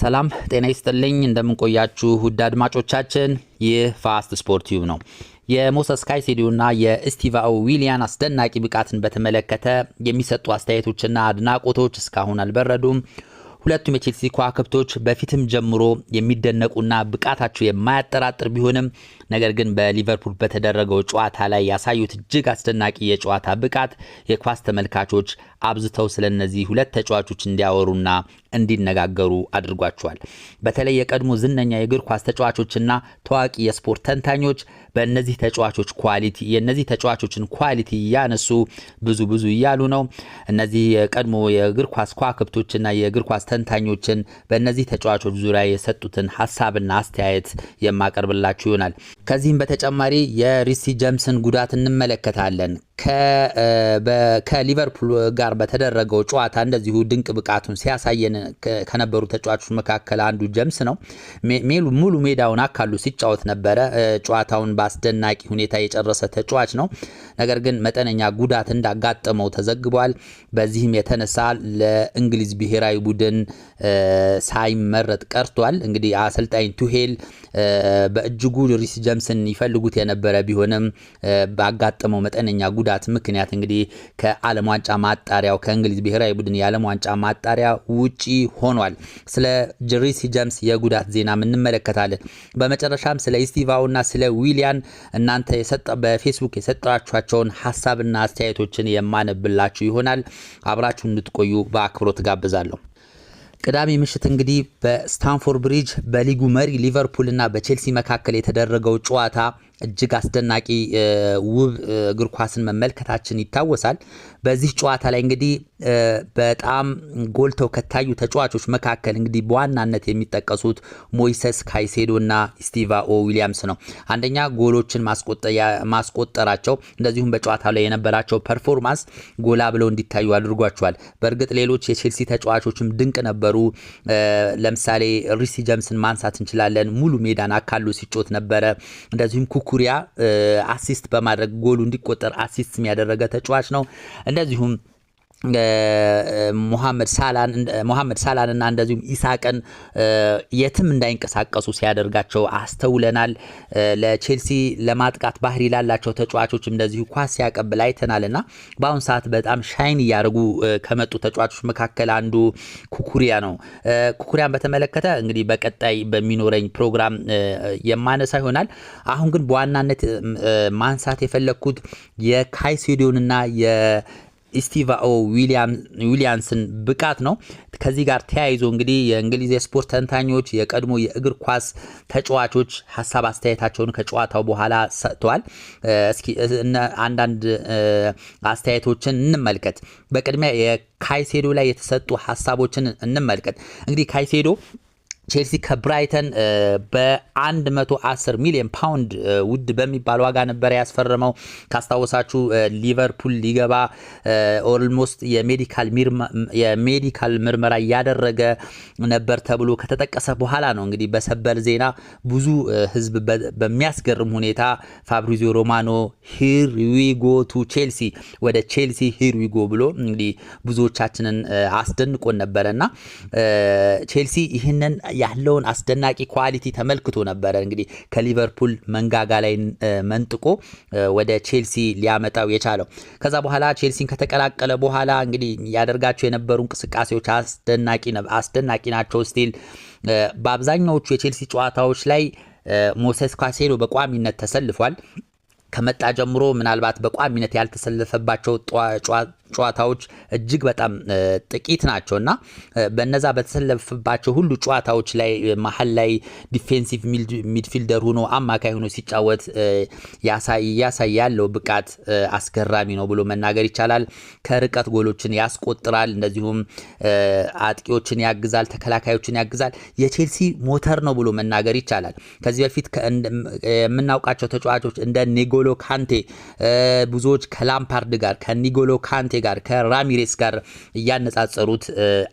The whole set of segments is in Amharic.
ሰላም ጤና ይስጥልኝ፣ እንደምንቆያችሁ ውድ አድማጮቻችን፣ ይህ ፋስት ስፖርት ዩብ ነው። የሞሰስ ካይሴዶና የስቲቫኦ ዊሊያን አስደናቂ ብቃትን በተመለከተ የሚሰጡ አስተያየቶችና አድናቆቶች እስካሁን አልበረዱም። ሁለቱም የቼልሲ ከዋክብቶች በፊትም ጀምሮ የሚደነቁና ብቃታቸው የማያጠራጥር ቢሆንም ነገር ግን በሊቨርፑል በተደረገው ጨዋታ ላይ ያሳዩት እጅግ አስደናቂ የጨዋታ ብቃት የኳስ ተመልካቾች አብዝተው ስለ እነዚህ ሁለት ተጫዋቾች እንዲያወሩና እንዲነጋገሩ አድርጓቸዋል። በተለይ የቀድሞ ዝነኛ የእግር ኳስ ተጫዋቾችና ታዋቂ የስፖርት ተንታኞች በእነዚህ ተጫዋቾች ኳሊቲ የእነዚህ ተጫዋቾችን ኳሊቲ እያነሱ ብዙ ብዙ እያሉ ነው። እነዚህ የቀድሞ የእግር ኳስ ኳክብቶችና የእግር ኳስ ተንታኞችን በእነዚህ ተጫዋቾች ዙሪያ የሰጡትን ሀሳብና አስተያየት የማቀርብላችሁ ይሆናል። ከዚህም በተጨማሪ የሪሲ ጀምስን ጉዳት እንመለከታለን። ከሊቨርፑል ጋር በተደረገው ጨዋታ እንደዚሁ ድንቅ ብቃቱን ሲያሳየን ከነበሩ ተጫዋቾች መካከል አንዱ ጀምስ ነው። ሙሉ ሜዳውን አካሉ ሲጫወት ነበረ። ጨዋታውን በአስደናቂ ሁኔታ የጨረሰ ተጫዋች ነው። ነገር ግን መጠነኛ ጉዳት እንዳጋጠመው ተዘግቧል። በዚህም የተነሳ ለእንግሊዝ ብሔራዊ ቡድን ሳይመረጥ ቀርቷል። እንግዲህ አሰልጣኝ ቱሄል በእጅጉ ሪስ ጀምስን ይፈልጉት የነበረ ቢሆንም ባጋጠመው መጠነኛ ጉዳት ምክንያት እንግዲህ ከዓለም ዋንጫ ማጣሪያው ከእንግሊዝ ብሔራዊ ቡድን የዓለም ዋንጫ ማጣሪያ ውጪ ሆኗል። ስለ ሪሲ ጀምስ የጉዳት ዜና እንመለከታለን። በመጨረሻም ስለ ኢስቲቫውና ስለ ዊሊያን እናንተ በፌስቡክ የሰጣችኋቸውን ሀሳብና አስተያየቶችን የማነብላችሁ ይሆናል። አብራችሁ እንድትቆዩ በአክብሮት ጋብዛለሁ። ቅዳሜ ምሽት እንግዲህ በስታንፎርድ ብሪጅ በሊጉ መሪ ሊቨርፑልና በቼልሲ መካከል የተደረገው ጨዋታ እጅግ አስደናቂ ውብ እግር ኳስን መመልከታችን ይታወሳል። በዚህ ጨዋታ ላይ እንግዲህ በጣም ጎልተው ከታዩ ተጫዋቾች መካከል እንግዲህ በዋናነት የሚጠቀሱት ሞይሰስ ካይሴዶ እና ኦ ዊሊያምስ ነው። አንደኛ ጎሎችን ማስቆጠራቸው እንደዚሁም በጨዋታ ላይ የነበራቸው ፐርፎርማንስ ጎላ ብለው እንዲታዩ አድርጓቸዋል። በእርግጥ ሌሎች የቼልሲ ተጫዋቾችም ድንቅ ነበሩ። ለምሳሌ ሪሲ ጀምስን ማንሳት እንችላለን። ሙሉ ሜዳን አካሉ ሲጮት ነበረ። እንደዚሁም ኩኩሪያ አሲስት በማድረግ ጎሉ እንዲቆጠር አሲስት ያደረገ ተጫዋች ነው። and as whom ሙሐመድ ሳላን ሙሐመድ ሳላን እና እንደዚሁም ኢሳቅን የትም እንዳይንቀሳቀሱ ሲያደርጋቸው አስተውለናል። ለቼልሲ ለማጥቃት ባህሪ ላላቸው ተጫዋቾች እንደዚሁ ኳስ ሲያቀብል አይተናል እና በአሁን ሰዓት በጣም ሻይን እያደረጉ ከመጡ ተጫዋቾች መካከል አንዱ ኩኩሪያ ነው። ኩኩሪያን በተመለከተ እንግዲህ በቀጣይ በሚኖረኝ ፕሮግራም የማነሳ ይሆናል። አሁን ግን በዋናነት ማንሳት የፈለግኩት የካይሴዶንና ኢስቲቫኦ ዊሊያምስን ብቃት ነው። ከዚህ ጋር ተያይዞ እንግዲህ የእንግሊዝ የስፖርት ተንታኞች፣ የቀድሞ የእግር ኳስ ተጫዋቾች ሀሳብ አስተያየታቸውን ከጨዋታው በኋላ ሰጥተዋል። እስኪ አንዳንድ አስተያየቶችን እንመልከት። በቅድሚያ የካይሴዶ ላይ የተሰጡ ሀሳቦችን እንመልከት። እንግዲህ ካይሴዶ ቼልሲ ከብራይተን በ110 ሚሊዮን ፓውንድ ውድ በሚባል ዋጋ ነበረ ያስፈረመው። ካስታወሳችሁ ሊቨርፑል ሊገባ ኦልሞስት የሜዲካል ምርመራ እያደረገ ነበር ተብሎ ከተጠቀሰ በኋላ ነው እንግዲህ በሰበር ዜና ብዙ ሕዝብ በሚያስገርም ሁኔታ ፋብሪዚዮ ሮማኖ ሂርዊጎ ቱ ቼልሲ ወደ ቼልሲ ሂርዊጎ ብሎ እንግዲህ ብዙዎቻችንን አስደንቆን ነበረ እና ቼልሲ ይህንን ያለውን አስደናቂ ኳሊቲ ተመልክቶ ነበረ። እንግዲህ ከሊቨርፑል መንጋጋ ላይ መንጥቆ ወደ ቼልሲ ሊያመጣው የቻለው ከዛ በኋላ ቼልሲን ከተቀላቀለ በኋላ እንግዲህ ያደርጋቸው የነበሩ እንቅስቃሴዎች አስደናቂ ናቸው። ስቲል በአብዛኛዎቹ የቼልሲ ጨዋታዎች ላይ ሞሴስ ካሴዶ በቋሚነት ተሰልፏል። ከመጣ ጀምሮ ምናልባት በቋሚነት ያልተሰለፈባቸው ጨዋታዎች እጅግ በጣም ጥቂት ናቸው እና በነዛ በተሰለፍባቸው ሁሉ ጨዋታዎች ላይ መሀል ላይ ዲፌንሲቭ ሚድፊልደር ሆኖ አማካይ ሆኖ ሲጫወት ያሳይ ያለው ብቃት አስገራሚ ነው ብሎ መናገር ይቻላል። ከርቀት ጎሎችን ያስቆጥራል፣ እንደዚሁም አጥቂዎችን ያግዛል፣ ተከላካዮችን ያግዛል። የቼልሲ ሞተር ነው ብሎ መናገር ይቻላል። ከዚህ በፊት የምናውቃቸው ተጫዋቾች እንደ ኒጎሎ ካንቴ ብዙዎች ከላምፓርድ ጋር ከኒጎሎ ካንቴ ጋር ከራሚሬስ ጋር እያነጻጸሩት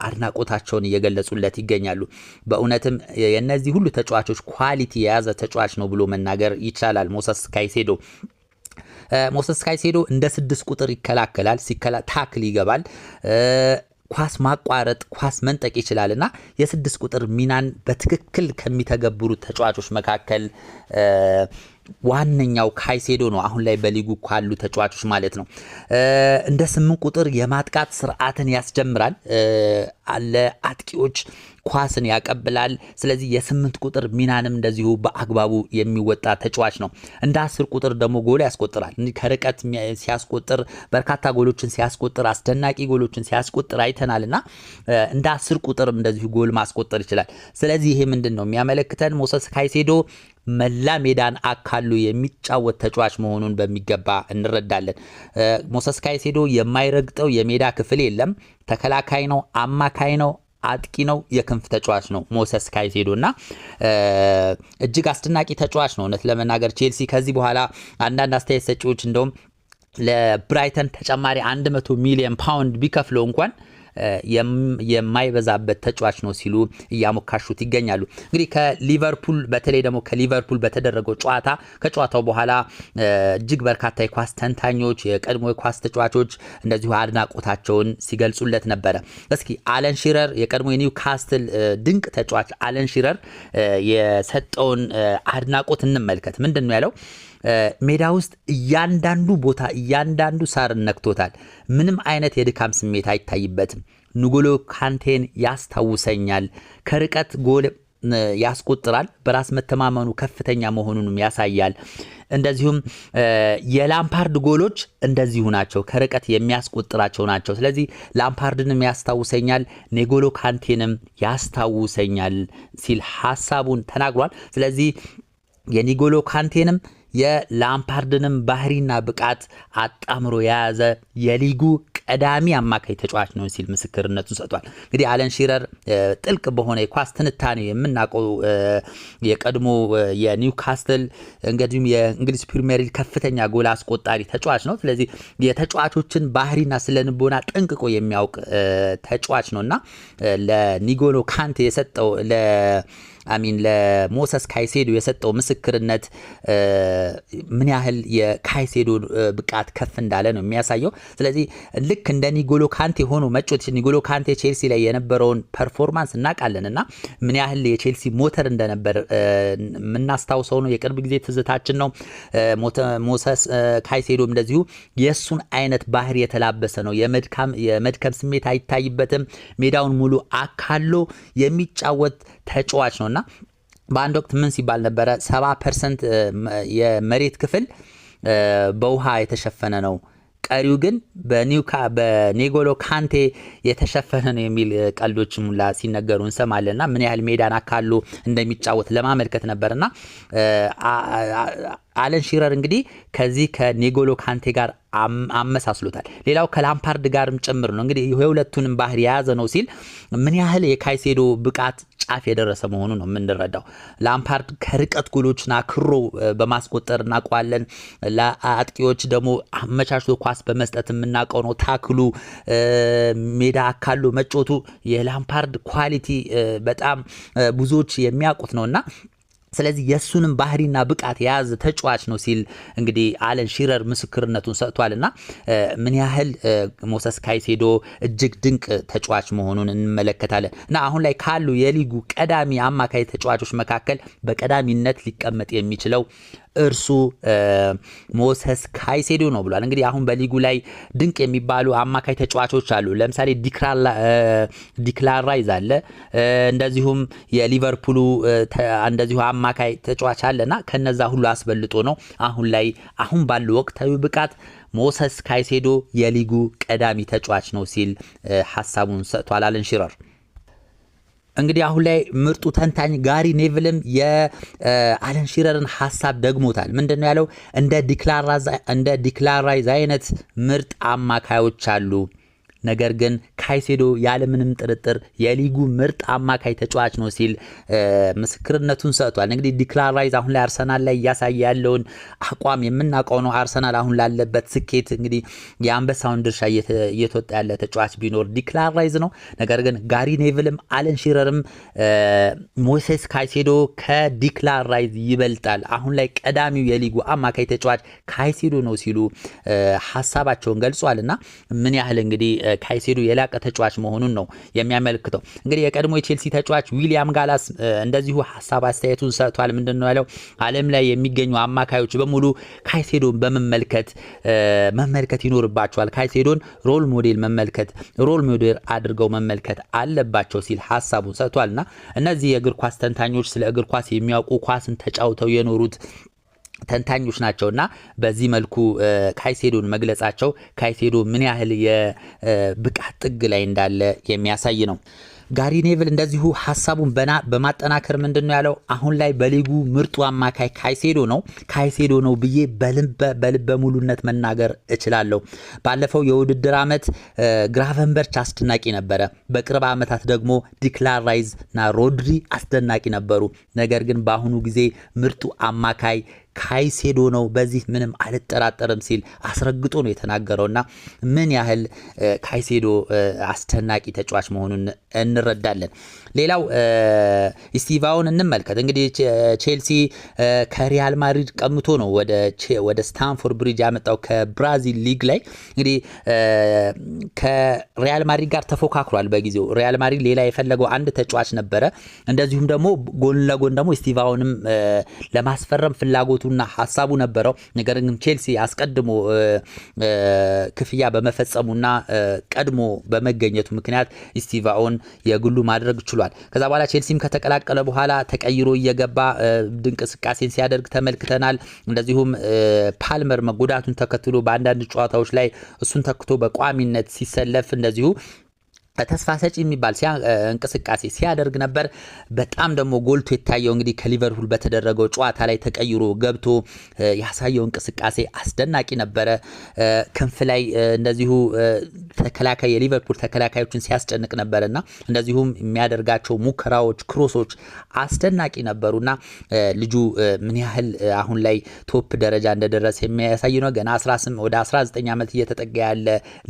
አድናቆታቸውን እየገለጹለት ይገኛሉ። በእውነትም የእነዚህ ሁሉ ተጫዋቾች ኳሊቲ የያዘ ተጫዋች ነው ብሎ መናገር ይቻላል። ሞሰስ ካይሴዶ ሞሰስ ካይሴዶ እንደ ስድስት ቁጥር ይከላከላል፣ ታክል ይገባል ኳስ ማቋረጥ ኳስ መንጠቅ ይችላል እና የስድስት ቁጥር ሚናን በትክክል ከሚተገብሩ ተጫዋቾች መካከል ዋነኛው ካይሴዶ ነው አሁን ላይ በሊጉ ካሉ ተጫዋቾች ማለት ነው። እንደ ስምንት ቁጥር የማጥቃት ስርዓትን ያስጀምራል፣ ለአጥቂዎች ኳስን ያቀብላል። ስለዚህ የስምንት ቁጥር ሚናንም እንደዚሁ በአግባቡ የሚወጣ ተጫዋች ነው። እንደ አስር ቁጥር ደግሞ ጎል ያስቆጥራል። ከርቀት ሲያስቆጥር በርካታ ጎሎችን ሲያስቆጥር አስደናቂ ጎሎችን ሲያስቆጥር አይተናል እና እንደ አስር ቁጥርም እንደዚሁ ጎል ማስቆጠር ይችላል። ስለዚህ ይሄ ምንድን ነው የሚያመለክተን ሞሰስ ካይሴዶ መላ ሜዳን አካሉ የሚጫወት ተጫዋች መሆኑን በሚገባ እንረዳለን። ሞሰስ ካይሴዶ የማይረግጠው የሜዳ ክፍል የለም። ተከላካይ ነው፣ አማካይ ነው አጥቂ ነው፣ የክንፍ ተጫዋች ነው። ሞሰስ ካይሴዶ እና እጅግ አስደናቂ ተጫዋች ነው። እውነት ለመናገር ቼልሲ ከዚህ በኋላ አንዳንድ አስተያየት ሰጪዎች እንደውም ለብራይተን ተጨማሪ 100 ሚሊዮን ፓውንድ ቢከፍለው እንኳን የማይበዛበት ተጫዋች ነው ሲሉ እያሞካሹት ይገኛሉ። እንግዲህ ከሊቨርፑል በተለይ ደግሞ ከሊቨርፑል በተደረገው ጨዋታ ከጨዋታው በኋላ እጅግ በርካታ የኳስ ተንታኞች፣ የቀድሞ የኳስ ተጫዋቾች እንደዚሁ አድናቆታቸውን ሲገልጹለት ነበረ። እስኪ አለን ሺረር የቀድሞ የኒውካስትል ድንቅ ተጫዋች አለን ሺረር የሰጠውን አድናቆት እንመልከት። ምንድን ነው ያለው? ሜዳ ውስጥ እያንዳንዱ ቦታ እያንዳንዱ ሳር ነክቶታል። ምንም አይነት የድካም ስሜት አይታይበትም። ንጎሎ ካንቴን ያስታውሰኛል። ከርቀት ጎል ያስቆጥራል። በራስ መተማመኑ ከፍተኛ መሆኑንም ያሳያል። እንደዚሁም የላምፓርድ ጎሎች እንደዚሁ ናቸው፣ ከርቀት የሚያስቆጥራቸው ናቸው። ስለዚህ ላምፓርድንም ያስታውሰኛል፣ ኔጎሎ ካንቴንም ያስታውሰኛል ሲል ሀሳቡን ተናግሯል። ስለዚህ የኒጎሎ ካንቴንም የላምፓርድንም ባህሪና ብቃት አጣምሮ የያዘ የሊጉ ቀዳሚ አማካይ ተጫዋች ነው ሲል ምስክርነቱን ሰጥቷል። እንግዲህ አለን ሺረር ጥልቅ በሆነ የኳስ ትንታኔ የምናውቀው የቀድሞ የኒውካስትል እንግዲሁም የእንግሊዝ ፕሪሚየር ሊግ ከፍተኛ ጎል አስቆጣሪ ተጫዋች ነው። ስለዚህ የተጫዋቾችን ባህሪና ስለንቦና ጠንቅቆ የሚያውቅ ተጫዋች ነው እና ለኒጎሎ ካንቴ የሰጠው አሚን ለሞሰስ ካይሴዶ የሰጠው ምስክርነት ምን ያህል የካይሴዶ ብቃት ከፍ እንዳለ ነው የሚያሳየው። ስለዚህ ልክ እንደ ኒጎሎ ካንቴ ሆኖ መጮት ኒጎሎ ካንቴ ቼልሲ ላይ የነበረውን ፐርፎርማንስ እናውቃለን እና ምን ያህል የቼልሲ ሞተር እንደነበር የምናስታውሰው ነው። የቅርብ ጊዜ ትዝታችን ነው። ሞሰስ ካይሴዶ እንደዚሁ የእሱን አይነት ባህር የተላበሰ ነው። የመድከም ስሜት አይታይበትም። ሜዳውን ሙሉ አካሎ የሚጫወት ተጫዋች ነው። እና በአንድ ወቅት ምን ሲባል ነበረ? ሰባ ፐርሰንት የመሬት ክፍል በውሃ የተሸፈነ ነው ቀሪው ግን በኔጎሎ ካንቴ የተሸፈነ ነው የሚል ቀልዶች ሙላ ሲነገሩ እንሰማለን እና ምን ያህል ሜዳን አካሉ እንደሚጫወት ለማመልከት ነበርና አለን ሺረር እንግዲህ ከዚህ ከኔጎሎ ካንቴ ጋር አመሳስሎታል። ሌላው ከላምፓርድ ጋርም ጭምር ነው እንግዲህ የሁለቱንም ባህር የያዘ ነው ሲል ምን ያህል የካይሴዶ ብቃት ጫፍ የደረሰ መሆኑ ነው የምንረዳው። ላምፓርድ ከርቀት ጎሎችን አክሮ በማስቆጠር እናውቀዋለን። ለአጥቂዎች ደግሞ አመቻችቶ ኳስ በመስጠት የምናውቀው ነው። ታክሉ፣ ሜዳ አካሉ መጮቱ የላምፓርድ ኳሊቲ በጣም ብዙዎች የሚያውቁት ነው እና ስለዚህ የእሱንም ባህሪና ብቃት የያዘ ተጫዋች ነው ሲል እንግዲህ አለን ሺረር ምስክርነቱን ሰጥቷል። እና ምን ያህል ሞሰስ ካይሴዶ እጅግ ድንቅ ተጫዋች መሆኑን እንመለከታለን። እና አሁን ላይ ካሉ የሊጉ ቀዳሚ አማካይ ተጫዋቾች መካከል በቀዳሚነት ሊቀመጥ የሚችለው እርሱ ሞሰስ ካይሴዶ ነው ብሏል። እንግዲህ አሁን በሊጉ ላይ ድንቅ የሚባሉ አማካይ ተጫዋቾች አሉ። ለምሳሌ ዲክላን ራይስ አለ፣ እንደዚሁም የሊቨርፑሉ እንደዚሁ አማካይ ተጫዋች አለ እና ከነዛ ሁሉ አስበልጦ ነው አሁን ላይ አሁን ባለው ወቅታዊ ብቃት ሞሰስ ካይሴዶ የሊጉ ቀዳሚ ተጫዋች ነው ሲል ሀሳቡን ሰጥቷል አለን ሽረር። እንግዲህ አሁን ላይ ምርጡ ተንታኝ ጋሪ ኔቭልም የአለን ሺረርን ሀሳብ ደግሞታል። ምንድን ነው ያለው? እንደ ዲክላራይዝ አይነት ምርጥ አማካዮች አሉ ነገር ግን ካይሴዶ ያለምንም ጥርጥር የሊጉ ምርጥ አማካይ ተጫዋች ነው ሲል ምስክርነቱን ሰጥቷል። እንግዲህ ዲክላን ራይስ አሁን ላይ አርሰናል ላይ እያሳየ ያለውን አቋም የምናውቀው ነው። አርሰናል አሁን ላለበት ስኬት እንግዲህ የአንበሳውን ድርሻ እየተወጣ ያለ ተጫዋች ቢኖር ዲክላን ራይስ ነው። ነገር ግን ጋሪ ኔቭልም አለን ሽረርም ሞሴስ ካይሴዶ ከዲክላን ራይስ ይበልጣል፣ አሁን ላይ ቀዳሚው የሊጉ አማካይ ተጫዋች ካይሴዶ ነው ሲሉ ሀሳባቸውን ገልጿል እና ምን ያህል እንግዲህ ካይሴዶ የላቀ ተጫዋች መሆኑን ነው የሚያመለክተው። እንግዲህ የቀድሞ የቼልሲ ተጫዋች ዊሊያም ጋላስ እንደዚሁ ሀሳብ አስተያየቱን ሰጥቷል። ምንድን ነው ያለው? ዓለም ላይ የሚገኙ አማካዮች በሙሉ ካይሴዶን በመመልከት መመልከት ይኖርባቸዋል። ካይሴዶን ሮል ሞዴል መመልከት ሮል ሞዴል አድርገው መመልከት አለባቸው ሲል ሀሳቡን ሰጥቷል። እና እነዚህ የእግር ኳስ ተንታኞች ስለ እግር ኳስ የሚያውቁ ኳስን ተጫውተው የኖሩት ተንታኞች ናቸውና በዚህ መልኩ ካይሴዶን መግለጻቸው ካይሴዶ ምን ያህል የብቃት ጥግ ላይ እንዳለ የሚያሳይ ነው። ጋሪ ኔቭል እንደዚሁ ሀሳቡን በና በማጠናከር ምንድን ነው ያለው? አሁን ላይ በሊጉ ምርጡ አማካይ ካይሴዶ ነው ካይሴዶ ነው ብዬ በልበ ሙሉነት መናገር እችላለሁ። ባለፈው የውድድር ዓመት ግራቨንበርች አስደናቂ ነበረ። በቅርብ ዓመታት ደግሞ ዲክላን ራይስ እና ሮድሪ አስደናቂ ነበሩ። ነገር ግን በአሁኑ ጊዜ ምርጡ አማካይ ካይሴዶ ነው። በዚህ ምንም አልጠራጠርም ሲል አስረግጦ ነው የተናገረውና ምን ያህል ካይሴዶ አስደናቂ ተጫዋች መሆኑን እንረዳለን። ሌላው ኢስቲቫውን እንመልከት። እንግዲህ ቼልሲ ከሪያል ማድሪድ ቀምቶ ነው ወደ ስታንፎርድ ብሪጅ ያመጣው ከብራዚል ሊግ ላይ እንግዲህ ከሪያል ማድሪድ ጋር ተፎካክሯል። በጊዜው ሪያል ማድሪድ ሌላ የፈለገው አንድ ተጫዋች ነበረ። እንደዚሁም ደግሞ ጎን ለጎን ደግሞ ኢስቲቫውንም ለማስፈረም ፍላጎት ፍላጎቱና ሀሳቡ ነበረው። ነገር ግን ቼልሲ አስቀድሞ ክፍያ በመፈጸሙና ቀድሞ በመገኘቱ ምክንያት ኢስቲቫኦን የግሉ ማድረግ ችሏል። ከዛ በኋላ ቼልሲም ከተቀላቀለ በኋላ ተቀይሮ እየገባ እንቅስቃሴን ሲያደርግ ተመልክተናል። እንደዚሁም ፓልመር መጎዳቱን ተከትሎ በአንዳንድ ጨዋታዎች ላይ እሱን ተክቶ በቋሚነት ሲሰለፍ እንደዚሁ ተስፋ ሰጪ የሚባል እንቅስቃሴ ሲያደርግ ነበር። በጣም ደግሞ ጎልቶ የታየው እንግዲህ ከሊቨርፑል በተደረገው ጨዋታ ላይ ተቀይሮ ገብቶ ያሳየው እንቅስቃሴ አስደናቂ ነበረ። ክንፍ ላይ እንደዚሁ ተከላካይ የሊቨርፑል ተከላካዮችን ሲያስጨንቅ ነበር እና እንደዚሁም የሚያደርጋቸው ሙከራዎች፣ ክሮሶች አስደናቂ ነበሩ እና ልጁ ምን ያህል አሁን ላይ ቶፕ ደረጃ እንደደረሰ የሚያሳይ ነው። ገና ወደ 19 ዓመት እየተጠጋ ያለ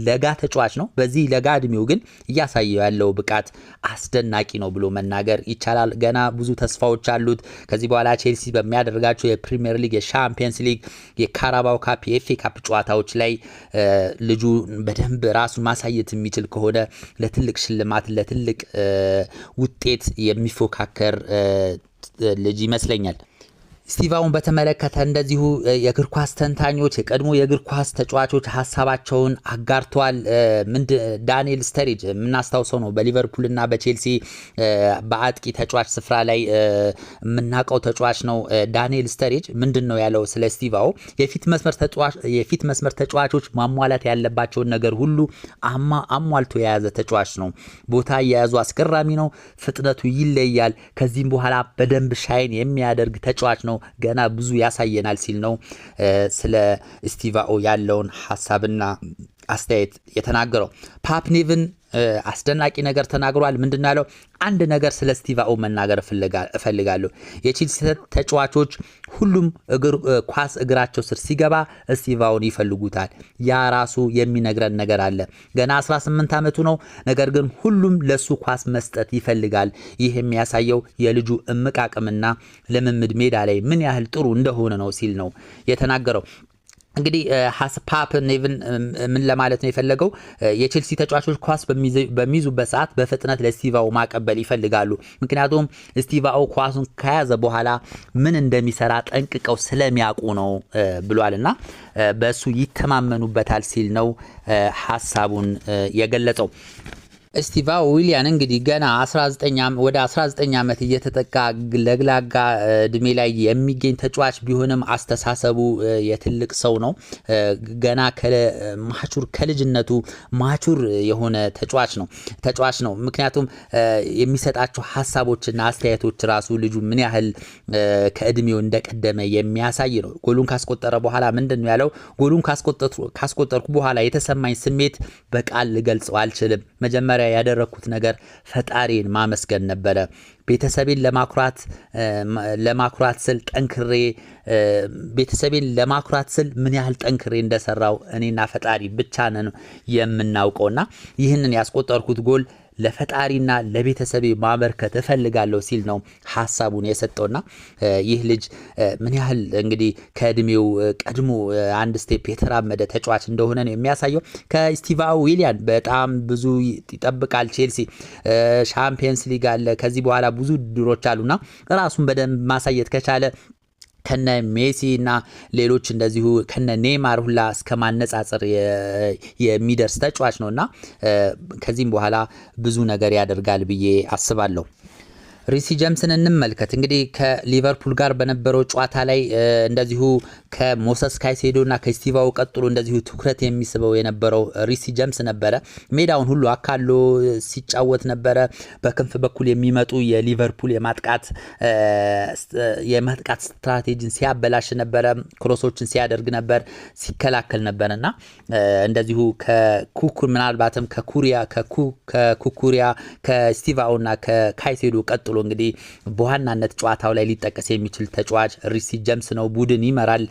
ለጋ ተጫዋች ነው። በዚህ ለጋ እድሜው ግን እያሳየው ያለው ብቃት አስደናቂ ነው ብሎ መናገር ይቻላል። ገና ብዙ ተስፋዎች አሉት። ከዚህ በኋላ ቼልሲ በሚያደርጋቸው የፕሪምየር ሊግ፣ የሻምፒየንስ ሊግ፣ የካራባው ካፕ፣ የኤፌ ካፕ ጨዋታዎች ላይ ልጁ በደንብ ራሱን ማሳየት የሚችል ከሆነ ለትልቅ ሽልማት ለትልቅ ውጤት የሚፎካከር ልጅ ይመስለኛል። ስቲቫውን በተመለከተ እንደዚሁ የእግር ኳስ ተንታኞች የቀድሞ የእግር ኳስ ተጫዋቾች ሀሳባቸውን አጋርተዋል። ምንድ ዳንኤል ስተሪጅ የምናስታውሰው ነው። በሊቨርፑልና በቼልሲ በአጥቂ ተጫዋች ስፍራ ላይ የምናውቀው ተጫዋች ነው። ዳንኤል ስተሪጅ ምንድን ነው ያለው ስለ ስቲቫው? የፊት መስመር ተጫዋቾች ማሟላት ያለባቸውን ነገር ሁሉ አሟልቶ የያዘ ተጫዋች ነው። ቦታ እየያዙ አስገራሚ ነው። ፍጥነቱ ይለያል። ከዚህም በኋላ በደንብ ሻይን የሚያደርግ ተጫዋች ነው። ገና ብዙ ያሳየናል ሲል ነው ስለ ስቲቫኦ ያለውን ሀሳብና አስተያየት የተናገረው። ፓፕኔቭን አስደናቂ ነገር ተናግሯል። ምንድን ያለው? አንድ ነገር ስለ ስቲቫኦ መናገር እፈልጋለሁ። የቼልሲ ተጫዋቾች ሁሉም ኳስ እግራቸው ስር ሲገባ እስቲቫውን ይፈልጉታል። ያ ራሱ የሚነግረን ነገር አለ። ገና 18 ዓመቱ ነው። ነገር ግን ሁሉም ለሱ ኳስ መስጠት ይፈልጋል። ይህ የሚያሳየው የልጁ እምቅ አቅምና ልምምድ ሜዳ ላይ ምን ያህል ጥሩ እንደሆነ ነው ሲል ነው የተናገረው። እንግዲህ ሀስፓፕ ኔቭን ምን ለማለት ነው የፈለገው? የቼልሲ ተጫዋቾች ኳስ በሚይዙበት ሰዓት በፍጥነት ለስቲቫኦ ማቀበል ይፈልጋሉ። ምክንያቱም ስቲቫኦ ኳሱን ከያዘ በኋላ ምን እንደሚሰራ ጠንቅቀው ስለሚያውቁ ነው ብሏል እና በእሱ ይተማመኑበታል ሲል ነው ሀሳቡን የገለጸው። ስቲቫ ዊሊያን እንግዲህ ገና 19 ወደ 19 ዓመት እየተጠቃ ለግላጋ እድሜ ላይ የሚገኝ ተጫዋች ቢሆንም አስተሳሰቡ የትልቅ ሰው ነው። ገና ማቹር ከልጅነቱ ማቹር የሆነ ተጫዋች ነው ተጫዋች ነው። ምክንያቱም የሚሰጣቸው ሀሳቦችና አስተያየቶች ራሱ ልጁ ምን ያህል ከእድሜው እንደቀደመ የሚያሳይ ነው። ጎሉን ካስቆጠረ በኋላ ምንድን ነው ያለው? ጎሉን ካስቆጠርኩ በኋላ የተሰማኝ ስሜት በቃል ልገልጸው አልችልም መጀመሪያ መጀመሪያ ያደረግኩት ነገር ፈጣሪን ማመስገን ነበረ። ቤተሰቤን ለማኩራት ለማኩራት ስል ጠንክሬ ቤተሰቤን ለማኩራት ስል ምን ያህል ጠንክሬ እንደሰራው እኔና ፈጣሪ ብቻ ነን የምናውቀውና ይህንን ያስቆጠርኩት ጎል ለፈጣሪና ለቤተሰቤ ማበርከት እፈልጋለሁ ሲል ነው ሀሳቡን የሰጠውና ይህ ልጅ ምን ያህል እንግዲህ ከእድሜው ቀድሞ አንድ ስቴፕ የተራመደ ተጫዋች እንደሆነ ነው የሚያሳየው። ከስቲቫ ዊሊያን በጣም ብዙ ይጠብቃል ቼልሲ። ሻምፒየንስ ሊግ አለ፣ ከዚህ በኋላ ብዙ ድሮች አሉና ራሱን በደንብ ማሳየት ከቻለ ከነ ሜሲ እና ሌሎች እንደዚሁ ከነ ኔይማር ሁላ እስከ ማነጻጸር የሚደርስ ተጫዋች ነው እና ከዚህም በኋላ ብዙ ነገር ያደርጋል ብዬ አስባለሁ። ሪሲ ጀምስን እንመልከት እንግዲህ ከሊቨርፑል ጋር በነበረው ጨዋታ ላይ እንደዚሁ ከሞሰስ ካይሴዶ እና ከስቲቫው ቀጥሎ እንደዚሁ ትኩረት የሚስበው የነበረው ሪሲ ጀምስ ነበረ። ሜዳውን ሁሉ አካሎ ሲጫወት ነበረ። በክንፍ በኩል የሚመጡ የሊቨርፑል የማጥቃት የማጥቃት ስትራቴጂን ሲያበላሽ ነበረ። ክሮሶችን ሲያደርግ ነበር፣ ሲከላከል ነበር እና እንደዚሁ ከኩኩ ምናልባትም ከኩሪያ ከኩኩሪያ ከስቲቫው እና ከካይሴዶ ቀጥሎ ቀጥሎ እንግዲህ በዋናነት ጨዋታው ላይ ሊጠቀስ የሚችል ተጫዋች ሪሲ ጀምስ ነው። ቡድን ይመራል።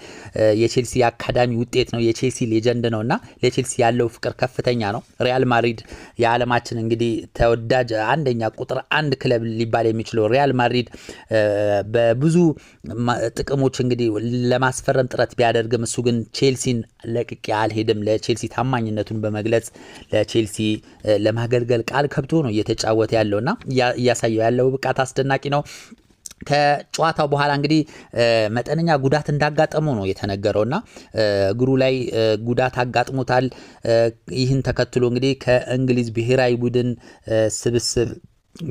የቼልሲ አካዳሚ ውጤት ነው። የቼልሲ ሌጀንድ ነው እና ለቼልሲ ያለው ፍቅር ከፍተኛ ነው። ሪያል ማድሪድ የዓለማችን እንግዲህ ተወዳጅ አንደኛ ቁጥር አንድ ክለብ ሊባል የሚችለው ሪያል ማድሪድ በብዙ ጥቅሞች እንግዲህ ለማስፈረም ጥረት ቢያደርግም እሱ ግን ቼልሲን ለቅቄ አልሄድም፣ ለቼልሲ ታማኝነቱን በመግለጽ ለቼልሲ ለማገልገል ቃል ከብቶ ነው እየተጫወተ ያለውና እያሳየው ያለው ብቃት ብቃት አስደናቂ ነው። ከጨዋታው በኋላ እንግዲህ መጠነኛ ጉዳት እንዳጋጠመው ነው የተነገረው እና እግሩ ላይ ጉዳት አጋጥሞታል። ይህን ተከትሎ እንግዲህ ከእንግሊዝ ብሔራዊ ቡድን ስብስብ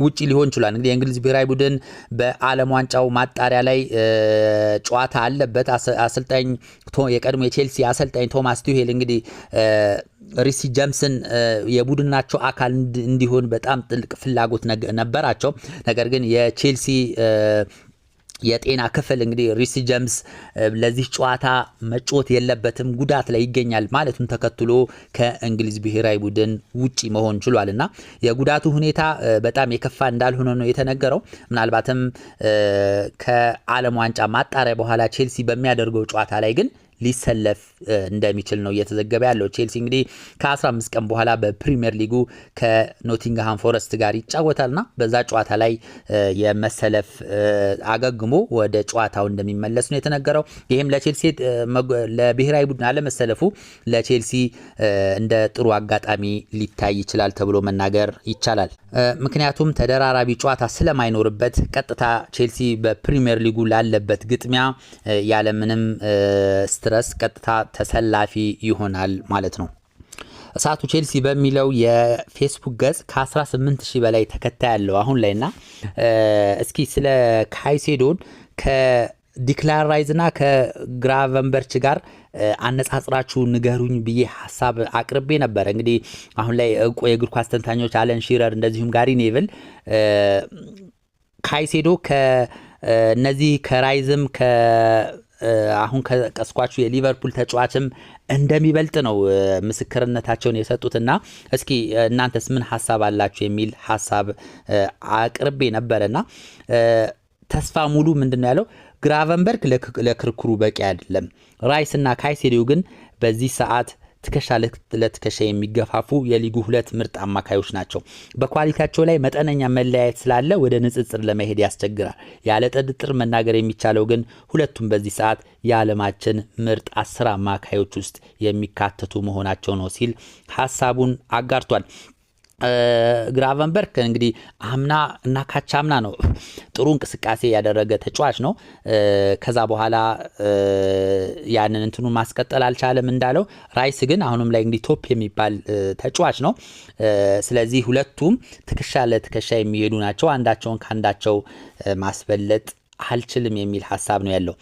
ውጪ ሊሆን ይችላል። እንግዲህ የእንግሊዝ ብሔራዊ ቡድን በዓለም ዋንጫው ማጣሪያ ላይ ጨዋታ አለበት። አሰልጣኝ የቀድሞ የቼልሲ አሰልጣኝ ቶማስ ቱሄል እንግዲህ ሪሲ ጀምስን የቡድናቸው አካል እንዲሆን በጣም ጥልቅ ፍላጎት ነበራቸው። ነገር ግን የቼልሲ የጤና ክፍል እንግዲህ ሪሲ ጀምስ ለዚህ ጨዋታ መጮት የለበትም ጉዳት ላይ ይገኛል ማለቱን ተከትሎ ከእንግሊዝ ብሔራዊ ቡድን ውጪ መሆን ችሏል እና የጉዳቱ ሁኔታ በጣም የከፋ እንዳልሆነ ነው የተነገረው። ምናልባትም ከዓለም ዋንጫ ማጣሪያ በኋላ ቼልሲ በሚያደርገው ጨዋታ ላይ ግን ሊሰለፍ እንደሚችል ነው እየተዘገበ ያለው። ቼልሲ እንግዲህ ከ15 ቀን በኋላ በፕሪምየር ሊጉ ከኖቲንግሃም ፎረስት ጋር ይጫወታልና በዛ ጨዋታ ላይ የመሰለፍ አገግሞ ወደ ጨዋታው እንደሚመለስ ነው የተነገረው። ይህም ለቼልሲ ለብሔራዊ ቡድን አለመሰለፉ ለቼልሲ እንደ ጥሩ አጋጣሚ ሊታይ ይችላል ተብሎ መናገር ይቻላል። ምክንያቱም ተደራራቢ ጨዋታ ስለማይኖርበት ቀጥታ ቼልሲ በፕሪምየር ሊጉ ላለበት ግጥሚያ ያለምንም ድረስ ቀጥታ ተሰላፊ ይሆናል ማለት ነው። እሳቱ ቼልሲ በሚለው የፌስቡክ ገጽ ከ18 ሺህ በላይ ተከታይ ያለው አሁን ላይ ና እስኪ ስለ ካይሴዶን ከዲክላራይዝ ና ከግራቨንበርች ጋር አነጻጽራችሁ ንገሩኝ ብዬ ሀሳብ አቅርቤ ነበረ። እንግዲህ አሁን ላይ እውቅ የእግር ኳስ ተንታኞች አለን ሺረር፣ እንደዚሁም ጋሪ ኔቭል ካይሴዶ ከእነዚህ ከራይዝም አሁን ከጠቀስኳችሁ የሊቨርፑል ተጫዋችም እንደሚበልጥ ነው ምስክርነታቸውን የሰጡትና እስኪ እናንተስ ምን ሀሳብ አላችሁ የሚል ሀሳብ አቅርቤ ነበረና ተስፋ ሙሉ ምንድን ነው ያለው ግራቨንበርግ ለክርክሩ በቂ አይደለም። ራይስ እና ካይሴዲው ግን በዚህ ሰዓት ትከሻ ለትከሻ የሚገፋፉ የሊጉ ሁለት ምርጥ አማካዮች ናቸው። በኳሊቲያቸው ላይ መጠነኛ መለያየት ስላለ ወደ ንጽጽር ለመሄድ ያስቸግራል። ያለ ጥርጥር መናገር የሚቻለው ግን ሁለቱም በዚህ ሰዓት የዓለማችን ምርጥ አስር አማካዮች ውስጥ የሚካተቱ መሆናቸው ነው ሲል ሀሳቡን አጋርቷል። ግራቨንበርክ እንግዲህ አምና እና ካቻ አምና ነው ጥሩ እንቅስቃሴ ያደረገ ተጫዋች ነው። ከዛ በኋላ ያንን እንትኑን ማስቀጠል አልቻለም እንዳለው። ራይስ ግን አሁንም ላይ እንግዲህ ቶፕ የሚባል ተጫዋች ነው። ስለዚህ ሁለቱም ትከሻ ለትከሻ የሚሄዱ ናቸው። አንዳቸውን ከአንዳቸው ማስበለጥ አልችልም የሚል ሀሳብ ነው ያለው።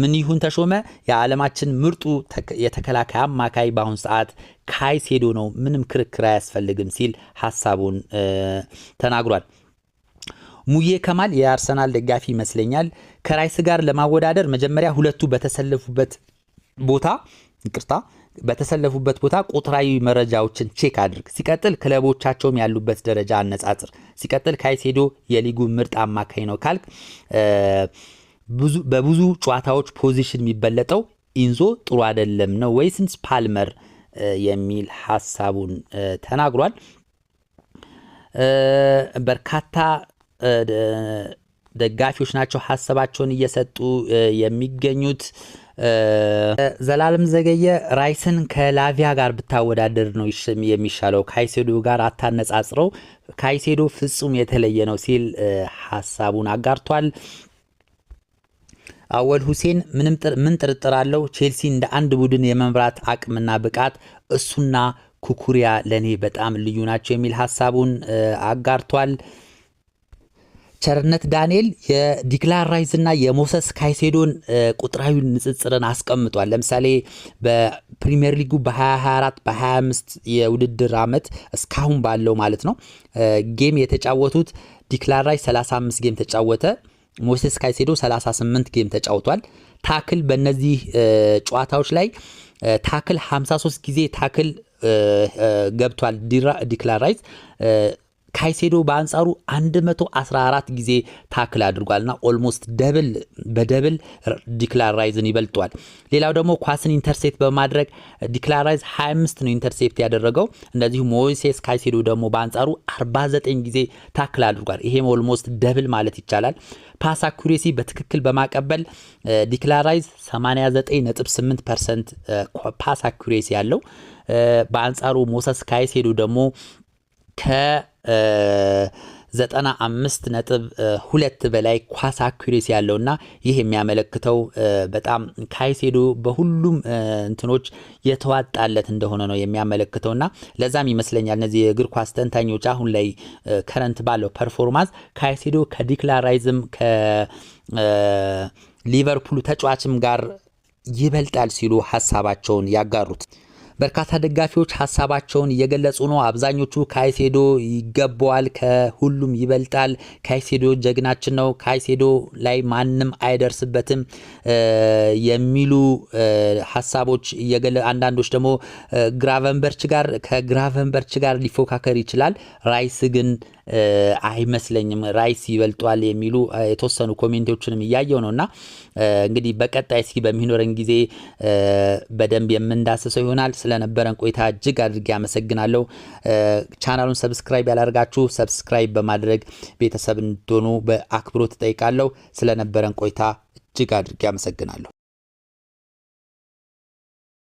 ምንይሁን ተሾመ የዓለማችን ምርጡ የተከላካይ አማካይ በአሁን ሰዓት ካይሴዶ ነው፣ ምንም ክርክር አያስፈልግም ሲል ሀሳቡን ተናግሯል። ሙዬ ከማል የአርሰናል ደጋፊ ይመስለኛል። ከራይስ ጋር ለማወዳደር መጀመሪያ ሁለቱ በተሰለፉበት ቦታ ቅርታ በተሰለፉበት ቦታ ቁጥራዊ መረጃዎችን ቼክ አድርግ። ሲቀጥል ክለቦቻቸውም ያሉበት ደረጃ አነጻጽር። ሲቀጥል ካይሴዶ የሊጉ ምርጥ አማካኝ ነው ካልክ በብዙ ጨዋታዎች ፖዚሽን የሚበለጠው ኢንዞ ጥሩ አይደለም ነው ወይስንስ ፓልመር የሚል ሀሳቡን ተናግሯል። በርካታ ደጋፊዎች ናቸው ሀሳባቸውን እየሰጡ የሚገኙት። ዘላለም ዘገየ ራይስን ከላቪያ ጋር ብታወዳደር ነው የሚሻለው፣ ካይሴዶ ጋር አታነጻጽረው፣ ካይሴዶ ፍጹም የተለየ ነው ሲል ሀሳቡን አጋርቷል። አወል ሁሴን ምን ጥርጥር አለው? ቼልሲ እንደ አንድ ቡድን የመምራት አቅምና ብቃት እሱና ኩኩሪያ ለእኔ በጣም ልዩ ናቸው የሚል ሀሳቡን አጋርቷል። ቸርነት ዳንኤል የዲክላን ራይስና የሞሰስ ካይሴዶን ቁጥራዊ ንጽጽርን አስቀምጧል። ለምሳሌ በፕሪሚየር ሊጉ በ2024 በ25 የውድድር ዓመት እስካሁን ባለው ማለት ነው ጌም የተጫወቱት ዲክላን ራይስ 35 ጌም ተጫወተ፣ ሞሴስ ካይሴዶ 38 ጌም ተጫውቷል። ታክል በእነዚህ ጨዋታዎች ላይ ታክል 53 ጊዜ ታክል ገብቷል። ዲክላራይዝ ካይሴዶ በአንጻሩ 114 ጊዜ ታክል አድርጓልና ኦልሞስት ደብል በደብል ዲክላን ራይዝን ይበልጧል። ሌላው ደግሞ ኳስን ኢንተርሴፕት በማድረግ ዲክላን ራይዝ 25 ነው ኢንተርሴፕት ያደረገው። እንደዚሁ ሞይሴስ ካይሴዶ ደግሞ በአንጻሩ 49 ጊዜ ታክል አድርጓል። ይሄም ኦልሞስት ደብል ማለት ይቻላል። ፓስ አኩሬሲ በትክክል በማቀበል ዲክላራይዝ 89.8 ፐርሰንት ፓስ አኩሬሲ ያለው በአንጻሩ ሞሰስ ካይሴዶ ደግሞ ከ ዘጠና አምስት ነጥብ ሁለት በላይ ኳስ አኩሬሲ ያለውና ይህ የሚያመለክተው በጣም ካይሴዶ በሁሉም እንትኖች የተዋጣለት እንደሆነ ነው የሚያመለክተውና ለዛም ይመስለኛል እነዚህ የእግር ኳስ ተንታኞች አሁን ላይ ከረንት ባለው ፐርፎርማንስ ካይሴዶ ከዲክላራይዝም ከሊቨርፑሉ ተጫዋችም ጋር ይበልጣል ሲሉ ሀሳባቸውን ያጋሩት በርካታ ደጋፊዎች ሀሳባቸውን እየገለጹ ነው። አብዛኞቹ ካይሴዶ ይገባዋል፣ ከሁሉም ይበልጣል፣ ካይሴዶ ጀግናችን ነው፣ ካይሴዶ ላይ ማንም አይደርስበትም የሚሉ ሀሳቦች እየገለ አንዳንዶች ደግሞ ግራቨንበርች ጋር ከግራቨንበርች ጋር ሊፎካከር ይችላል ራይስ ግን አይመስለኝም ራይስ ይበልጧል የሚሉ የተወሰኑ ኮሜንቶችንም እያየው ነው እና እንግዲህ በቀጣይ እስኪ በሚኖረን ጊዜ በደንብ የምንዳስሰው ይሆናል። ስለነበረን ቆይታ እጅግ አድርጌ አመሰግናለሁ። ቻናሉን ሰብስክራይብ ያላደርጋችሁ ሰብስክራይብ በማድረግ ቤተሰብ እንድትሆኑ በአክብሮት ጠይቃለሁ። ስለነበረን ቆይታ እጅግ አድርጌ አመሰግናለሁ።